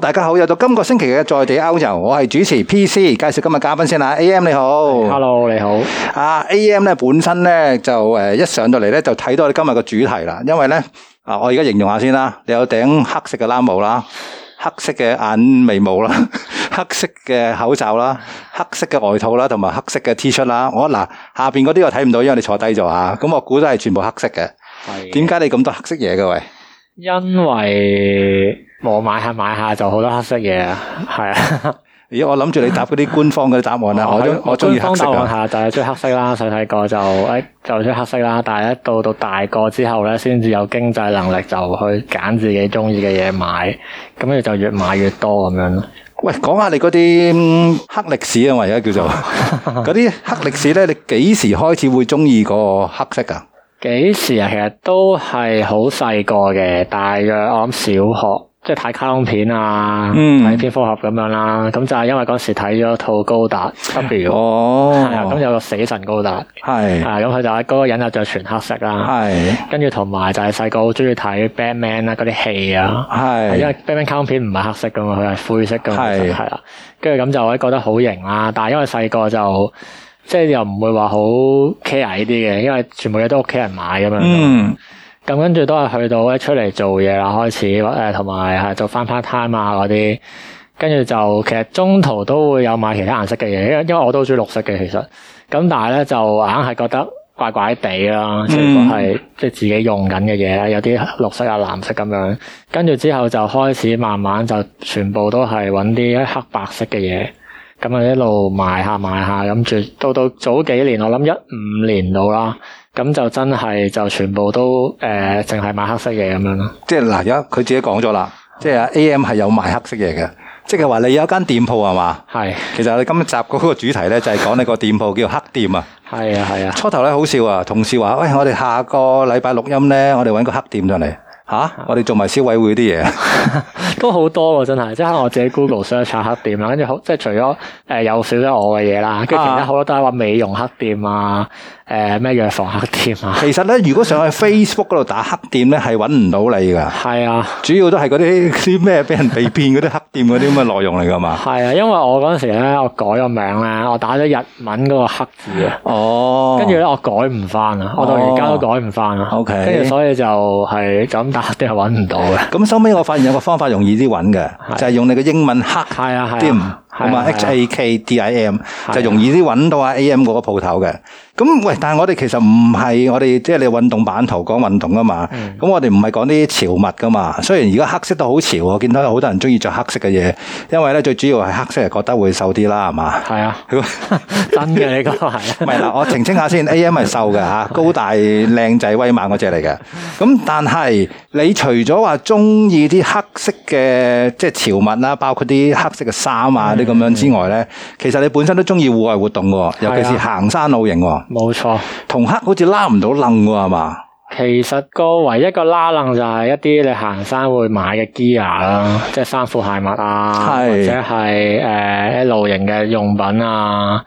大家好，又到今個星期嘅在地歐遊，我係主持 PC，介紹今日嘉賓先啦。AM 你好，Hello 你好。啊，AM 咧本身咧就誒一上到嚟咧就睇到你今日個主題啦。因為咧啊，我而家形容下先啦。你有頂黑色嘅冷帽啦，黑色嘅眼眉毛啦，黑色嘅口罩啦，黑色嘅外套啦，同埋黑色嘅 T 恤啦。我嗱下邊嗰啲我睇唔到，因為你坐低咗啊。咁我估都係全部黑色嘅。係。點解你咁多黑色嘢嘅喂？因為我買下買下就好多黑色嘢啊，係啊，而我諗住你答嗰啲官方嘅答案啦， 我我中意我官方 黑色。係啊，就係中意黑色啦。細細個就誒、哎、就中意黑色啦，但係一到到大個之後咧，先至有經濟能力就去揀自己中意嘅嘢買，咁你就越買越多咁樣咯。喂，講下你嗰啲黑歷史啊嘛，而家叫做嗰啲 黑歷史咧，你幾時開始會中意個黑色噶？幾時啊？其實都係好細個嘅，大約我諗小學，即係睇卡通片啊，睇蝙蝠俠咁樣啦。咁就係因為嗰時睇咗套高達 W，係啊，咁有個死神高達，係是 啊，咁佢就嗰個人又着全黑色啦。係是。跟住同埋就係細個好中意睇 Batman 啦，嗰啲戲啊，係，因為 Batman 卡通片唔係黑色噶嘛，佢係灰色噶嘛，係啦是、啊。跟住咁就會覺得好型啦。但係因為細個就。即係又唔會話好 care 啲嘅，因為全部嘢都屋企人買咁樣。嗯，咁跟住都係去到一出嚟做嘢啦，開始誒，同埋係做翻 part time 啊嗰啲。跟住就其實中途都會有買其他顏色嘅嘢，因因為我都好中意綠色嘅其實。咁但係咧就硬係覺得怪怪地啦，全部個係即係自己用緊嘅嘢咧，有啲綠色啊藍色咁樣。跟住之後就開始慢慢就全部都係揾啲黑白色嘅嘢。咁啊一路賣下賣下，咁住到到早幾年，我諗一五年度啦，咁就真係就全部都誒，淨係賣黑色嘢咁樣咯。即係嗱，而家佢自己講咗啦，即係 AM 係有賣黑色嘢嘅，即係話你有一間店鋪係嘛？係。其實你今日集嗰個主題咧，就係講你個店鋪叫黑店啊。係啊係啊。初頭咧好笑啊，同事話：喂，我哋下個禮拜錄音咧，我哋搵個黑店上嚟。吓，我哋做埋消委會啲嘢。都好多喎，啊，真係，即係我自己 Google search 黑店啦，跟住好，即係除咗誒、呃、有少少我嘅嘢啦，跟住其他好多都係話美容黑店啊。誒咩叫防黑店啊？其實咧，如果上去 Facebook 嗰度打黑店咧，係揾唔到你㗎。係啊，主要都係嗰啲啲咩俾人被騙嗰啲黑店嗰啲咁嘅內容嚟㗎嘛。係啊，因為我嗰陣時咧，我改咗名咧，我打咗日文嗰個黑字啊。哦。跟住咧，我改唔翻啊，我到而家都改唔翻啊。OK。跟住所以就係咁打，真係揾唔到嘅。咁收尾我發現有個方法容易啲揾嘅，就係用你個英文黑店。啊，係咁啊，H A K D I M 的就容易啲揾到啊 A M 嗰個鋪頭嘅。咁喂，但係我哋其實唔係我哋即係你運動版圖講運動啊嘛。咁、嗯、我哋唔係講啲潮物噶嘛。雖然而家黑色都好潮我見到有好多人中意着黑色嘅嘢，因為咧最主要係黑色係覺得會瘦啲啦，係嘛？係啊的， 真嘅你講都係。唔係啦，我澄清下先，A M 係瘦嘅嚇，高大靚仔威猛嗰隻嚟嘅。咁 但係你除咗話中意啲黑色嘅即係潮物啦，包括啲黑色嘅衫啊、 那個咁樣之外咧，其實你本身都中意戶外活動㗎，尤其是行山露營喎。冇錯，同黑好似拉唔到楞㗎係嘛？其實個唯一個拉楞就係一啲你行山會買嘅 gear 啦、嗯，即係衫褲鞋襪啊，的或者係誒、呃、露營嘅用品啊，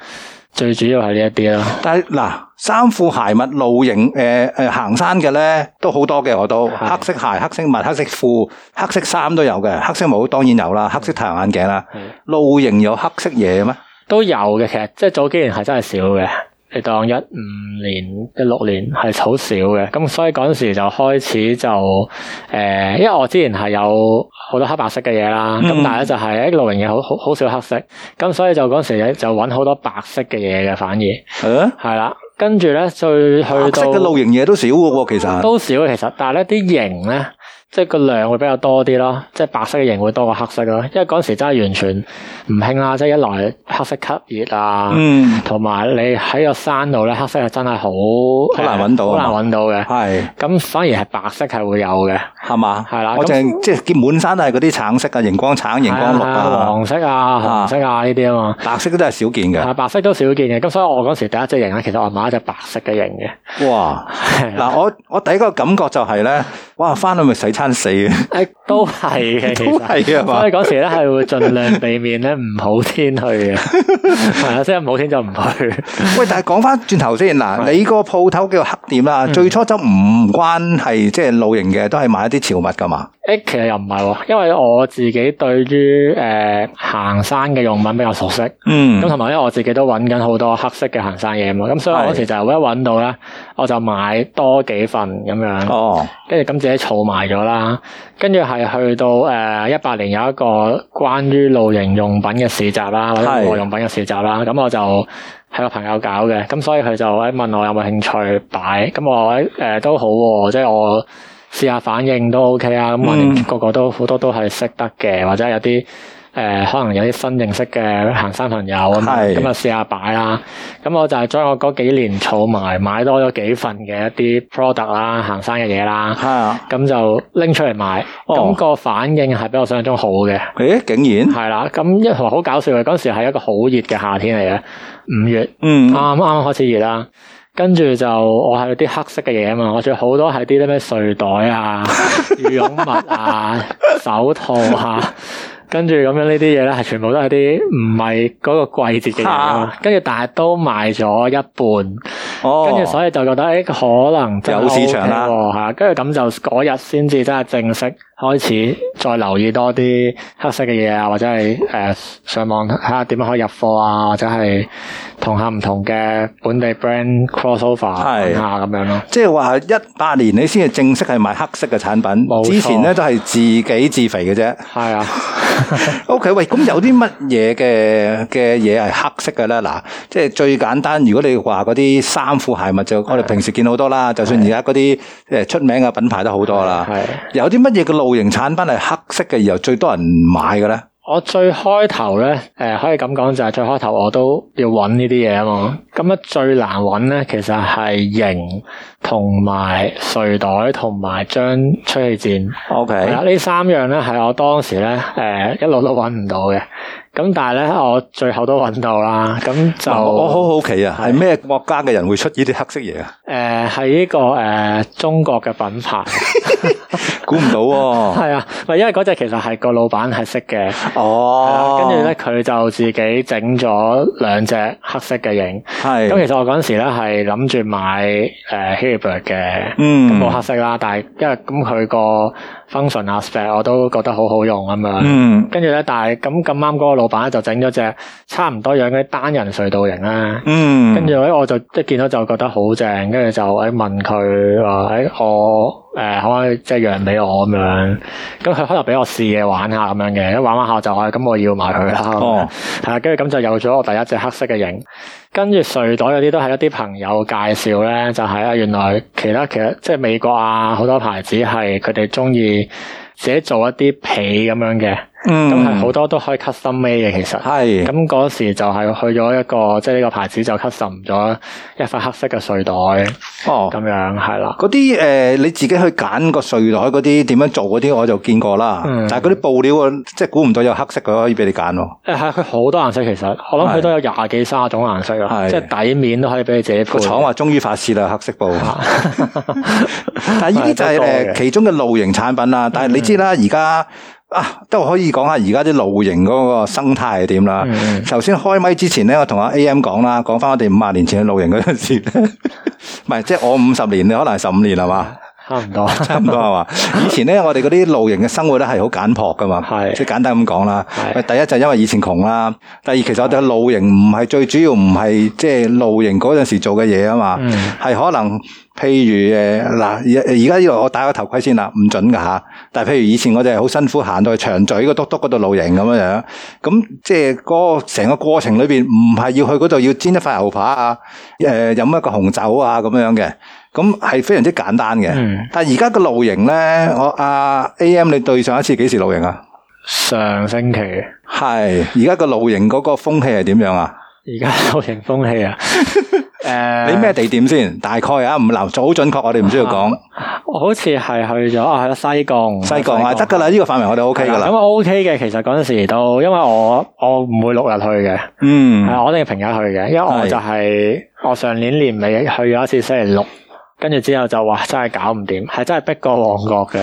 最主要係呢一啲囉。但係嗱。衫褲鞋襪露營誒誒行山嘅咧都好多嘅，我都是的 黑色鞋、黑色襪、黑色褲、黑色衫都有嘅，黑色帽當然有啦，黑色太陽眼鏡啦是的 露營有黑色嘢咩？都有嘅，其實即係早幾年係真係少嘅，你當一五年一六年係好少嘅，咁所以嗰陣時就開始就誒、呃，因為我之前係有好多黑白色嘅嘢啦，咁、嗯、但係咧就係喺露營嘅好好好少黑色，咁所以就嗰陣時就搵好多白色嘅嘢嘅，反而係啦。跟住咧，再去到，黑色嘅露營嘢都少嘅喎，其實都少、啊、其實都少其實，但係咧啲營咧。即係個量會比較多啲咯，即係白色嘅型會多過黑色咯，因為嗰時真係完全唔興啦，即係一來黑色吸熱啊，同埋你喺個山度咧，黑色又真係好好難揾到，好難揾到嘅。係，咁反而係白色係會有嘅，係嘛？係啦，我淨即係見滿山都係嗰啲橙色嘅熒光橙、熒光綠啊、黃色啊、紅色啊呢啲啊嘛，白色都真係少見嘅。白色都少見嘅，咁所以我嗰時第一隻型咧，其實我買咗隻白色嘅型嘅。哇，嗱我我第一個感覺就係咧，哇翻去咪洗死嘅，哎，都係嘅，其實都係嘅嘛。所以嗰時咧，係會盡量避免咧，唔好天去嘅，係啊，即係唔好天就唔去。喂，但係講翻轉頭先嗱， 你個鋪頭叫黑店啦，嗯，最初就唔關係，即、就、係、是、露營嘅，都係賣一啲潮物噶嘛。誒，其實又唔係喎，因為我自己對於誒、呃、行山嘅用品比較熟悉，嗯，咁同埋咧我自己都揾緊好多黑色嘅行山嘢嘛，咁、嗯、所以嗰時就一揾到咧，我就買多幾份咁樣，哦，跟住咁自己儲埋咗啦，跟住係去到誒一八年有一個關於露營用品嘅市集啦，或者戶外用品嘅市集啦，咁是我就喺個朋友搞嘅，咁所以佢就喺問我有冇興趣擺，咁我喺誒都好，即係我。試下反應都 OK 啊！咁我哋個個都好、嗯、多都係識得嘅，或者有啲誒、呃，可能有啲新認識嘅行山朋友咁，咁是啊試下擺啦。咁我就係將我嗰幾年儲埋買多咗幾份嘅一啲 product 啦、啊，行山嘅嘢啦。係咁的、嗯、就拎出嚟買，咁個、哦、反應係比我想象中好嘅。誒、欸，竟然係啦！咁一好搞笑嘅，嗰時係一個好熱嘅夏天嚟嘅，五月，啱啱、嗯嗯、開始熱啦。跟住就我係啲黑色嘅嘢啊嘛，我仲有好多係啲咧咩睡袋啊、羽絨物啊、 手套啊。跟住咁樣呢啲嘢咧係全部都係啲唔係嗰個季節嘅嘢啊，跟住但係都賣咗一半，哦、跟住所以就覺得誒，可能就、OK 啊、有市場啦、啊、吓，跟住咁就嗰日先至真係正式。開始再留意多啲黑色嘅嘢啊,或者係誒上網睇下點樣可以入貨啊，或者係同下唔同嘅本地 brand crossover 睇是下咁樣咯。即係話一八年你先係正式係賣黑色嘅產品，沒錯 之前咧都係自己自肥嘅啫。係啊。 OK，喂，咁有啲乜嘢嘅嘅嘢係黑色嘅咧？嗱，即係最簡單，如果你話嗰啲衫褲鞋襪就我哋平時見好多啦。就算而家嗰啲誒出名嘅品牌都好多啦。係。有啲乜嘢嘅？露營產品係黑色嘅，然後最多人買嘅咧。我最開頭咧，誒、呃、可以咁講就係最開頭，我都要揾呢啲嘢啊嘛。咁啊，最難揾咧，其實係營同埋睡袋同埋張吹氣墊。OK，嗱，呢三樣咧係我當時咧誒、呃、一路都揾唔到嘅。咁但係咧，我最後都揾到啦。咁就、哦、我好好奇啊，係咩是國家嘅人會出呢啲黑色嘢啊？誒、呃，係呢、這個誒、呃、中國嘅品牌，估唔 到喎、哦。係 啊，喂，因為只其實係個老闆係識嘅。哦，跟住咧，佢就自己整咗兩隻黑色嘅營。係咁是，嗯、其實我陣時咧係諗住買誒 Hilleberg 嘅。嗯、呃，咁冇黑色啦，但係因為咁佢個 function aspect 我都覺得好好用咁樣。嗯，跟住咧，但係咁咁啱個我老闆就整咗隻差唔多樣嘅單人隧道營啦，嗯，跟住咧我就一見到就覺得好正，跟住就喺問佢話，誒，能能誒讓我誒可唔可以即係讓俾我咁樣？咁佢可能俾我試嘢玩下咁樣嘅，一玩玩下就啊，咁、嗯、我要埋佢啦。哦，係啊，跟住咁就有咗我第一隻黑色嘅營。跟住睡袋嗰啲都係一啲朋友介紹咧，就係啊，原來其他，其，他其實即係美國啊，好多牌子係佢哋中意自己做一啲被咁樣嘅。嗯，咁係好多都可以 custom made 嘅，其實係。咁嗰時就係去咗一個，即係呢個牌子就 custom 咗一塊黑色嘅睡袋。哦，咁樣係啦。嗰啲誒，你自己去揀個睡袋嗰啲點樣做嗰啲，我就見過啦。但係嗰啲布料啊，即係估唔到有黑色嘅可以俾你揀咯。誒，係，佢好多顏色其實，我諗佢都有廿幾三十種顏色嘅，即係底面都可以俾你自己。個廠話終於發泄啦，黑色布。但係呢啲就係誒，其中嘅露營產品啦。但係你知啦，而家。啊，都可以講下而家啲露營嗰個生態係點啦。頭先、嗯嗯、開麥之前咧，我同阿 A M 講啦，講翻我哋五十年前嘅露營嗰陣時，唔 係即係我五十年，你可能係十五年係嘛？差唔多，差唔多係 嘛？以前咧，我哋嗰啲露營嘅生活咧，係好簡樸噶嘛，即係簡單咁講啦。是第一就因為以前窮啦，第二其實我哋露營唔係最主要，唔係即係露營嗰陣時做嘅嘢啊嘛，係、嗯、可能譬如誒嗱，而家呢度我戴個頭盔先啦，唔准噶吓。但係譬如以前我哋好辛苦行到去長嘴個篤篤嗰度露營咁樣樣，咁即係嗰個成個過程裏邊，唔係要去嗰度要煎一塊牛扒啊，誒、呃、飲一個紅酒啊咁樣樣嘅。咁係非常之簡單嘅，但係而家個露營咧，我阿 AM 你對上一次幾時露營啊？上星期？係，而家個露營嗰個風氣係點樣啊？而家露營風氣啊？誒，你咩地點先？大概啊，唔留就好準確，我哋唔需要講。好似係去咗去西貢，西貢啊，得噶啦，呢個範圍我哋 OK 噶啦。咁 OK 嘅，其實嗰陣時都，因為我我唔會六日去嘅，嗯，係啊，我哋平日去嘅，因為我就係我上年年尾去咗一次星期六。跟住之後就話真係搞唔掂，係真係逼過旺角嘅，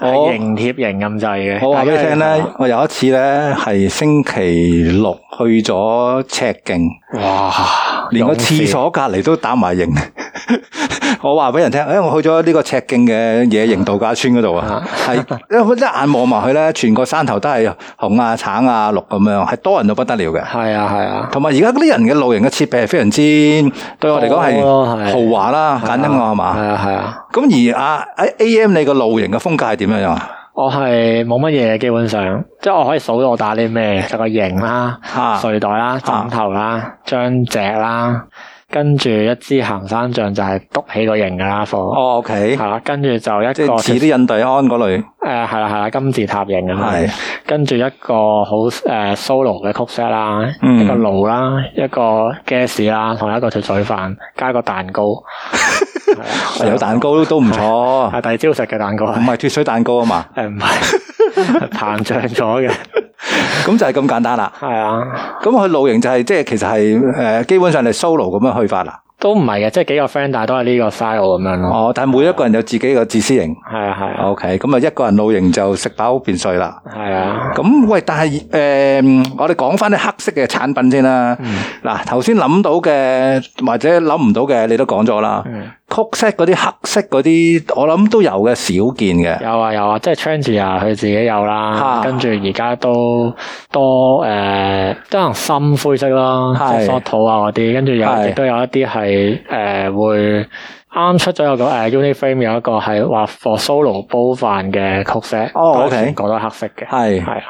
營我、啊、貼營咁滯嘅。我咧，大家有有我有一次咧，係星期六去咗赤徑，哇！連個廁所隔離都打埋營。士 我話俾人聽，誒、欸，我去咗呢個赤徑嘅野營度假村嗰度啊，係，因為一一眼望埋去咧，全個山頭都係紅啊、橙啊、綠咁樣，係多人都不得了嘅。係啊，係啊。同埋而家啲人嘅露營嘅設備係非常之，啊啊、對我嚟講係豪華啦，簡單我係嘛。係啊，係啊。咁、啊啊啊、而阿誒 A M，你個露營嘅風格係點樣樣？我係冇乜嘢，基本上，即係我可以數到我打啲咩，個營啦，睡袋啦，枕頭啦，張席啦。啊啊啊啊啊跟住一支行山杖就係篤起個型嘅啦。貨、哦。哦，OK。吓，跟住就一支似啲印第安嗰類。誒、嗯，係啦係啦，金字塔型。啊係。的跟住一個好誒 solo 嘅曲 set 啦，一個爐啦，一個 gas 啦，同一個脱水飯，加一個蛋糕。有蛋糕都唔錯。係，第二朝食嘅蛋糕。唔係、嗯、脱水蛋糕啊嘛。誒， 唔係膨脹咗嘅。咁 就係咁簡單啦，係啊，咁佢露營就係、是、即係其實係誒、呃，基本上係 solo 咁樣去法啦，都唔係嘅，即係幾個 friend 大都係呢個 style 咁樣咯，哦，但係每一個人有自己個自私型，係啊係、啊，OK，咁啊一個人露營就食飽便睡啦，係啊，咁喂，但係誒、呃，我哋講返啲黑色嘅產品先啦，嗱、嗯，頭先諗到嘅或者諗唔到嘅，你都講咗啦。嗯曲色嗰啲、黑色嗰啲，我諗都有嘅，少見嘅。有啊，有啊，即係窗 e 啊，佢自己有啦。哈 跟住而家都多誒、呃，都係深灰色啦，是即係沙土啊嗰啲。跟住有是亦都有一啲係誒會。啱出咗有個誒，Uniframe 有一個係話 for solo 煲飯嘅曲 set，k 全個都黑色嘅。係係啊，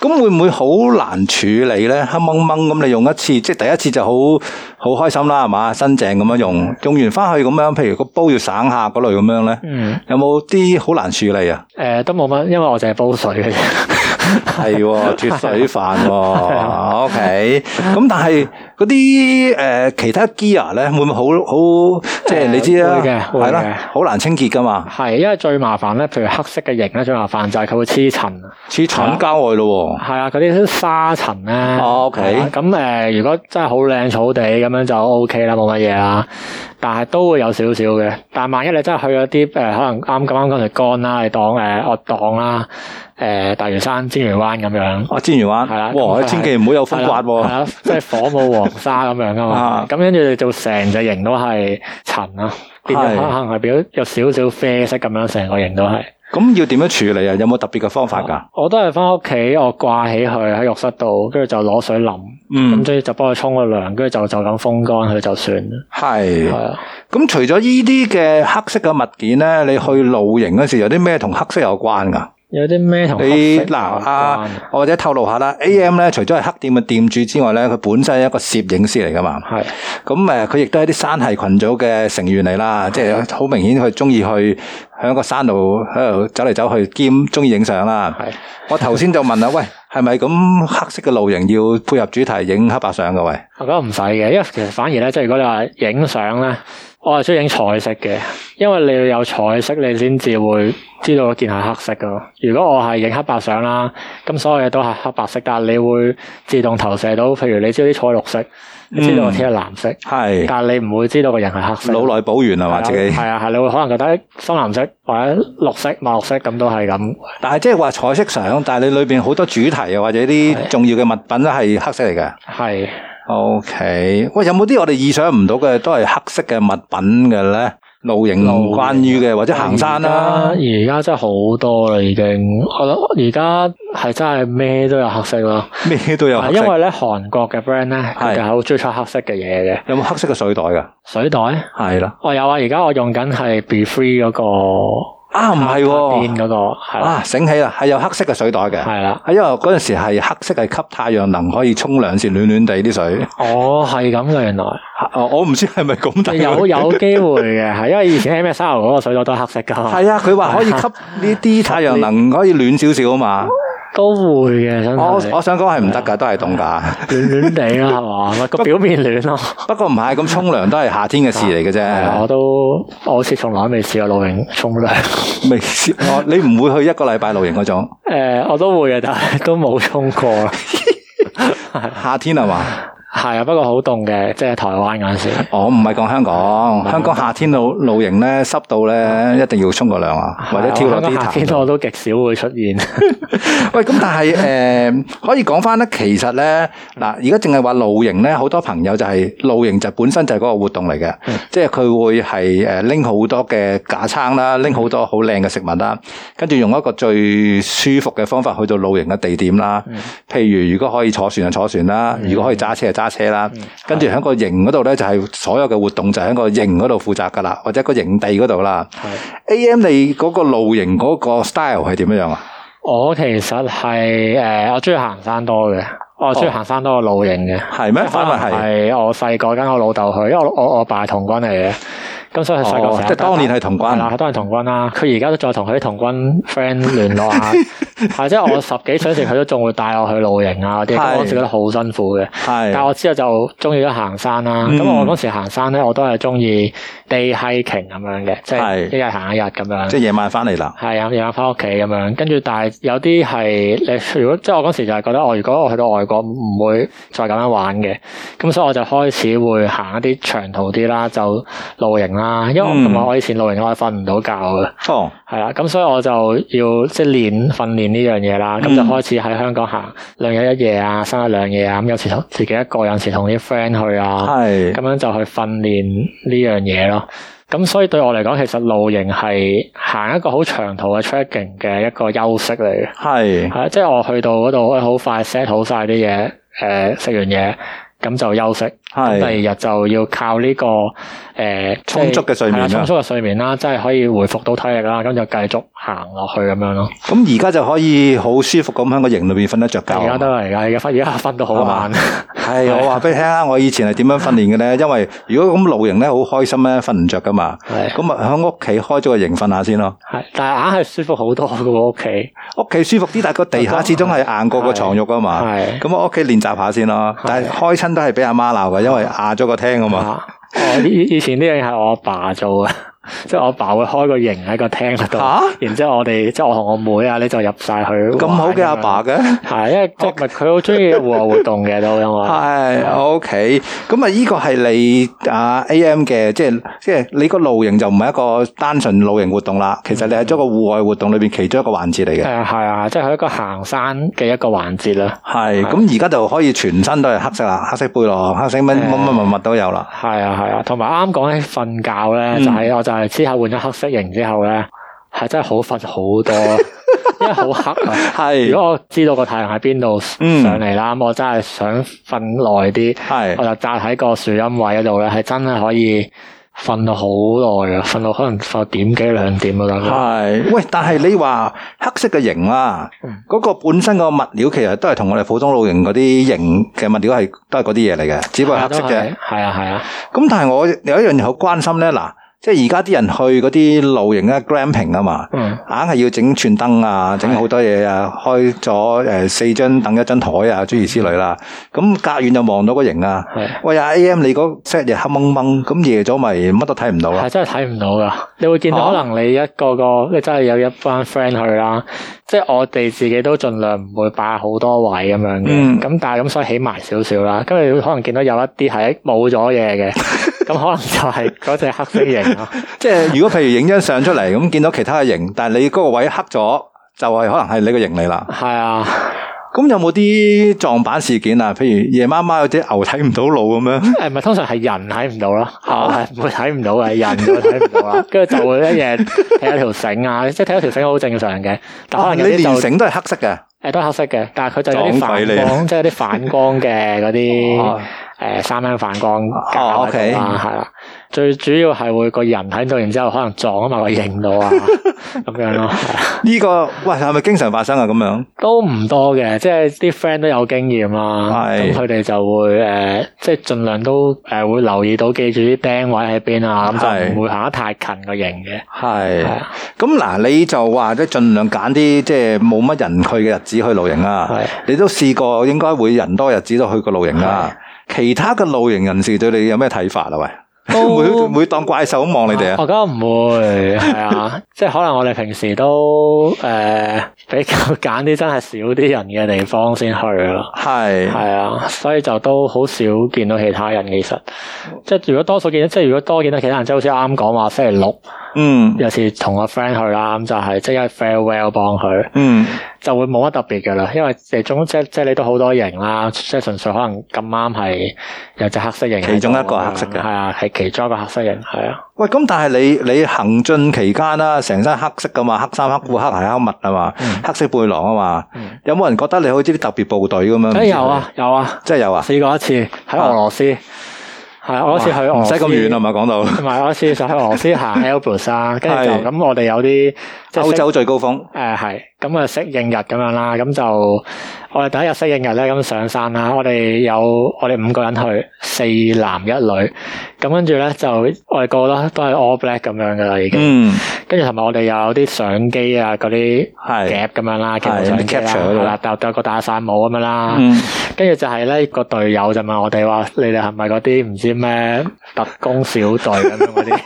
咁會唔會好難處理咧？黑掹掹咁你用一次，即係第一次就好好開心啦，係嘛，新淨咁樣用，用完翻去咁樣，譬如個煲要省下嗰類咁樣咧，有冇啲好難處理啊？誒、呃，都冇乜，因為我淨係煲水嘅、 哦。係脫水飯、哦、，OK，咁但係。Dj straw Evet sia 嗰啲誒其他 gear 咧，會唔會好好即係 你知啦係啦，好難清潔噶嘛。係因為最麻煩咧，譬如黑色嘅型咧，最麻煩就係佢會黐塵，黐塵交外咯。係啊，嗰啲沙塵咧。哦、啊、，OK。咁誒、啊呃，如果真係好靚草地咁樣就 OK 啦，冇乜嘢啦。但係都會有少少嘅，但係萬一你真係去咗啲誒，可能啱咁啱嗰條幹啦，你當誒惡黨啦，誒、呃呃、大嶼山、尖魚灣咁樣，啊尖魚灣係啦，千祈唔好有風刮喎，即係火舞黃沙咁樣啊嘛，咁跟住就成隻型都係塵啊，變咗的可能係表有少少啡色咁樣，成個型都係。咁要點樣處理啊？有冇特別嘅方法噶？我都係翻屋企，我掛起佢喺浴室度，跟住就攞水淋，嗯，咁所以就幫佢沖個涼，跟住就就咁風乾佢就算啦。係是，咁對除咗呢啲嘅黑色嘅物件咧，你去露營嗰時有啲咩同黑色有關噶？有啲咩同？你嗱啊，我或者透露下啦。AM 咧，除咗係黑店嘅店主之外咧，佢本身係一個攝影師嚟噶嘛。係。咁誒，佢亦都係啲山系群組嘅成員嚟啦，即係好明顯佢中意去響個山度喺度走嚟走去，兼中意影相啦。係。我頭先就問啦，喂，係咪咁黑色嘅露營要配合主題影黑白相嘅喂？我覺得唔使嘅，因為其實反而咧，即係如果你話影相咧。我係中意影彩色嘅，因為你要有彩色，你先至會知道件係黑色噶如果我係影黑白相啦，咁所有嘢都係黑白色，但係你會自動投射到，譬如你知啲彩綠色，你知道天係藍色，係、嗯，但係你唔會知道個人係黑色。腦內補完啊，嘛自己？係啊、係、啊、你會可能覺得深藍色或者綠色、墨綠色咁都係咁。但係即係話彩色相，但係你裏邊好多主題或者啲重要嘅物品都係黑色嚟嘅。係。OK，喂，有冇啲我哋意想唔到嘅都係黑色嘅物品嘅咧？露營關於嘅營或者行山啦，而家真係好多啦，已經我諗而家係真係咩都有黑色咯，咩都有。因為咧韓國嘅 brand 咧係好追出黑色嘅嘢嘅。是有冇黑色嘅水袋噶？水袋係啦，的我有啊。而家我用緊係 Be Free 嗰個。啊，唔係喎，那那個、啊，醒起啦，係有黑色嘅水袋嘅，係啦的，係因為嗰陣時係黑色係吸太陽能可以沖涼先暖暖地啲水，哦，係咁嘅原來，哦、啊，我唔知係咪咁，有有機會嘅，係 因為以前喺咩沙河嗰個水袋都係黑色㗎，係啊，佢話可以吸呢啲太陽能可以暖少少啊嘛。都會嘅，我我想講係唔得噶，對都係凍噶，暖暖哋咯，係嘛，？ 個表面暖咯。 不過唔係咁，沖涼都係夏天嘅事嚟嘅啫。我都我好似從來未試過露營沖涼，未試。我 哦、你唔會去一個禮拜露營嗰種。誒、欸，我都會嘅，但係都冇沖過。 夏天係嘛？ 係啊、哦，不過好凍嘅，即係台灣嗰陣時。我唔係講香港，香港，香港夏天露露營咧，濕度咧一定要沖個涼啊，嗯、或者跳落啲潭。夏天我都極少會出現。喂， 咁但係誒，可以講翻咧，其實咧嗱，而家淨係話露營咧，好多朋友就係、是、露營就本身就係嗰個活動嚟嘅，嗯、即係佢會係誒拎好多嘅架撐啦，拎好多好靚嘅食物啦，跟住用一個最舒服嘅方法去到露營嘅地點啦。譬如如果可以坐船就坐船啦，如果可以揸車架車啦，跟住喺個營嗰度咧，就係所有嘅活動就喺個營嗰度負責噶啦，或者個營地嗰度啦。的 A.M. 你嗰個露營嗰個 style 係點樣啊？我其實係誒、呃，我中意行山多嘅，我中意行山多露營，露營嘅。係咩？可能係我細個跟我老豆去，因為我我我爸係童軍嚟嘅，咁所以細個成日。即係當年係童軍。係啦，都係童軍啦。佢而家都再同佢啲童軍 friend 聯絡下。 係即係我十幾歲時，佢都仲會帶我去露營啊啲。嗰陣時覺得好辛苦嘅。係是。嗯、但係我之道之後就中意咗行山啦。咁我嗰陣時行山咧，我都係中意地係騎咁樣嘅，即係一日行一日咁樣是。即係夜晚翻嚟啦。係啊，夜晚翻屋企咁樣。跟住，但係有啲係你如果即係我嗰陣時就係覺得，我如果我去到外國，唔會再咁樣玩嘅。咁所以我就開始會行一啲長途啲啦，就露營啦。因為同埋、嗯、我以前露營我係瞓唔到覺嘅。哦。係啦，咁所以我就要即係練訓練。呢樣嘢啦，咁就、嗯、開始喺香港行兩日一夜啊，三日兩夜啊，咁有時同自己一個有時同啲 friend 去啊，係是，咁樣就去訓練呢樣嘢咯。咁所以對我嚟講，其實露營係行一個好長途嘅 trekking 嘅一個休息嚟嘅，係係是即係我去到嗰度，我好快 set 好晒啲嘢，誒、呃、食完嘢，咁就休息。咁第二日就要靠呢個誒、充足嘅睡眠，充足嘅睡眠啦，即係可以回復到體力啦，咁就繼續行落去咁樣咯。咁而家就可以好舒服咁喺個營裏邊瞓得着覺。而家都係而家，而家瞓而家瞓得好晚。係，我話俾你聽啊，我以前係點樣訓練嘅咧？因為如果咁露營咧，好開心咧，瞓唔着噶嘛。係咁啊，喺屋企開咗個營瞓下先咯。係，但係硬係舒服好多噶屋企，屋企舒服啲，但係個地下始終係硬過個床褥啊嘛。係咁啊，屋企練習下先咯。但係開親都係俾阿媽鬧因為壓咗個廳啊嘛，以 以前呢樣嘢係我阿爸，爸做嘅。即係我爸會開個營喺個廳度，然之後我哋即係我同我妹啊，你就入晒去。咁好嘅阿爸嘅，係因為即係佢好中意戶外活動嘅都啊嘛。係，OK。咁啊，依個係你啊 AM 嘅，即係即係你個露營就唔係一個單純露營活動啦。其實你係做一個戶外活動裏邊其中一個環節嚟嘅。啊，係啊，即係一個行山嘅一個環節啦。係。咁而家就可以全身都係黑色啦，黑色背囊、黑色乜乜物物都有啦。係啊，係啊，同埋啱啱講起瞓覺咧，就喺我就。係之後換咗黑色型之後咧，係真係好瞓好多，因為好黑啊。係 是如果我知道個太陽喺邊度上嚟啦，嗯、我真係想瞓耐啲。係是我就紮喺個樹蔭位嗰度咧，係真係可以瞓到好耐啊，瞓到可能瞓點幾兩點咯。大概係喂，但係你話黑色嘅型啦、啊，嗰、嗯、個本身個物料其實都係同我哋普通露營嗰啲型嘅物料係都係嗰啲嘢嚟嘅，只不過黑色嘅係啊係啊。咁、啊、但係我有一樣嘢好關心咧，嗱。即係而家啲人去嗰啲露營啊 glamping 啊嘛，硬係、嗯、要整串燈啊，整好多嘢啊，開咗誒四張凳一張台啊，諸如此類啦。咁隔遠就望到個營啊。是的 喂啊，AM 你嗰 set 日黑掹掹，咁夜咗咪乜都睇唔到啊？係真係睇唔到噶。你會見到可能你一個個，啊、你真係有一班 friend 去啦。即係我哋自己都盡量唔會擺好多位咁樣嘅。咁、嗯、但係咁所以起埋少少啦。咁你可能見到有一啲係冇咗嘢嘅。 咁可能就係嗰隻黑色型咯，即係如果譬如影張相出嚟，咁見到其他嘅型，但係你嗰個位黑咗，就係可能係呢個型嚟啦。係啊，咁有冇啲撞板事件啊？譬如夜媽媽有啲牛睇唔到路咁樣，誒，唔係通常係人睇唔到咯。啊，係睇唔到嘅人就睇唔到啦，跟住就會一嘢睇下條繩啊，即係睇下條繩好正常嘅，但係你連繩都係黑色嘅，誒，都係黑色嘅，但係佢就有啲反光，即係啲反光嘅嗰啲。誒，三蚊飯缸哦，OK，啦，係啦，最主要係會個人喺度，然之後可能撞啊嘛，個營到啊，咁樣咯。呢個喂係咪經常發生啊？咁樣都唔多嘅，即係啲 friend 都有經驗啦。係，咁佢哋就會誒，即係盡量都誒會留意到，記住啲釘位喺邊啊，咁就唔會行得太近個營嘅。係，咁嗱，你就話即係盡量揀啲即係冇乜人去嘅日子去露營啊。係，你都試過，應該會人多日子都去過露營啊。其他嘅露營人士對你有咩睇法啦？喂都，都唔 會，會當怪獸咁望你哋啊？我覺得唔會，係啊， 即係可能我哋平時都誒、呃、比較揀啲真係少啲人嘅地方先去咯。係係啊，所以就都好少見到其他人。其實即係如果多數見到，即係如果多見到其他人，即係好似啱講話星期六，嗯，有時同個 friend 去啦，咁就係即刻 farewell 幫佢，嗯。就會冇乜特別嘅啦，因為誒，總即即係你都好多型啦，即係純粹可能咁啱係有隻黑色型，其中一個黑色嘅係啊，係其中一個黑色型，係啊。喂，咁但係你你行進期間啦，成身黑色噶嘛，黑衫、黑褲、黑鞋、黑襪啊嘛，黑色背囊啊嘛，有冇人覺得你好似啲特別部隊咁樣？有啊，有啊，即係有啊！試過一次喺俄羅斯，係我嗰一次去俄，唔使咁遠啊嘛，講到同埋我一次就喺俄羅斯行 Elbrus 山，跟住就咁，我哋有啲歐洲最高峰誒，係。咁啊，適應日咁樣啦，咁就我哋第一日適應日咧，咁上山啦。我哋有我哋五個人去，四男一女。咁跟住咧就外國咯，都係 all black 咁樣噶啦，已經。嗯。跟住同埋我哋又有啲相機啊，嗰啲夾咁樣啦，其實啦。搭搭個打傘帽咁樣啦。跟住就係咧，個隊友就問我哋話：你哋係咪嗰啲唔知咩特工小隊咁樣嗰啲？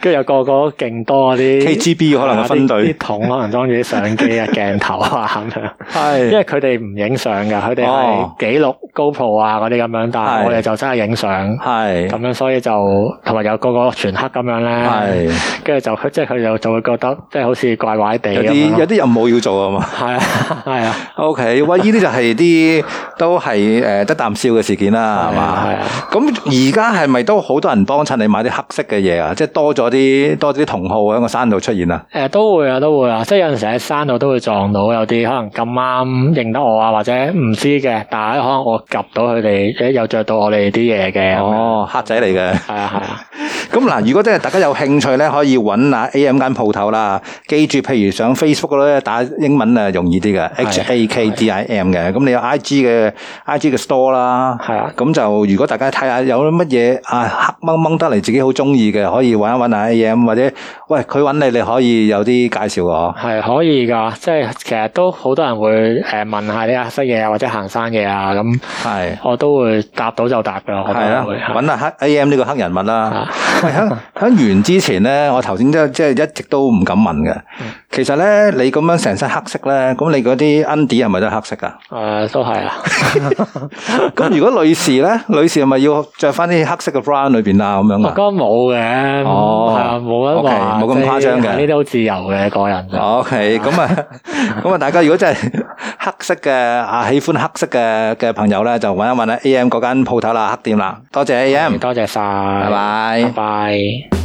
跟住又個個勁多啲 KGB 可能係分隊，啊，啲桶可能裝住啲相機啊鏡頭啊咁樣。係，啊，啊、 因為佢哋唔影相噶，佢哋係記錄 GoPro 啊嗰啲咁樣。但係我哋就真係影相，係咁樣，所以就同埋是的 有個個全黑咁樣咧。係是的，跟住就即係佢就就會覺得即係好似怪怪地有啲有啲任務要做啊嘛。 係啊係啊。OK，喂，呢啲就係啲都係誒得啖笑嘅事件啦，係嘛。係啊。咁而家係咪都好多人幫襯你買啲黑色嘅嘢啊？即、就、係、是。多咗啲多啲同好喺個山度出現啊！誒都會啊，都會啊，即係有陣時喺山度都會撞到有啲可能咁啱認得我啊，或者唔知嘅，但係可能我及到佢哋，即有着到我哋啲嘢嘅哦，客仔嚟嘅係啊係啊，咁嗱，如果真係大家有興趣咧，可以揾下 A M 間鋪頭啦，記住，譬如上 Facebook 咧，打英文啊容易啲嘅是、啊、H A K D I M 嘅，咁你、啊啊、有 I G 嘅 I G 嘅 Store 啦，係是啊，咁就如果大家睇下有乜嘢啊黑掹掹得嚟自己好中意嘅可以。揾一揾下 am，或者喂佢揾你，你可以有啲介紹我。係可以噶，即係其實都好多人會誒問下啲黑色嘢或者行山嘅。啊。咁係是，我都會答到就答噶。係的啊，揾下黑 AM 呢個黑人物啦。喺喺、啊、 完之前咧，我頭先即即係一直都唔敢問嘅。嗯其實咧，你咁樣成身黑色咧，咁你嗰啲 under 係咪都係黑色噶？誒，都係啊。咁如果女士咧，女士係咪要着翻啲黑色嘅 bra 裏邊啊？咁樣噶？我而家冇嘅。哦，係啊，冇得話，冇咁誇張嘅。呢啲好自由嘅，個人嘅。OK，咁啊，咁啊，大家如果真係黑色嘅啊，喜歡黑色嘅嘅朋友咧，就搵一搵啊 AM 嗰間鋪頭啦，黑店啦。多謝 AM。多謝晒。拜拜。拜拜。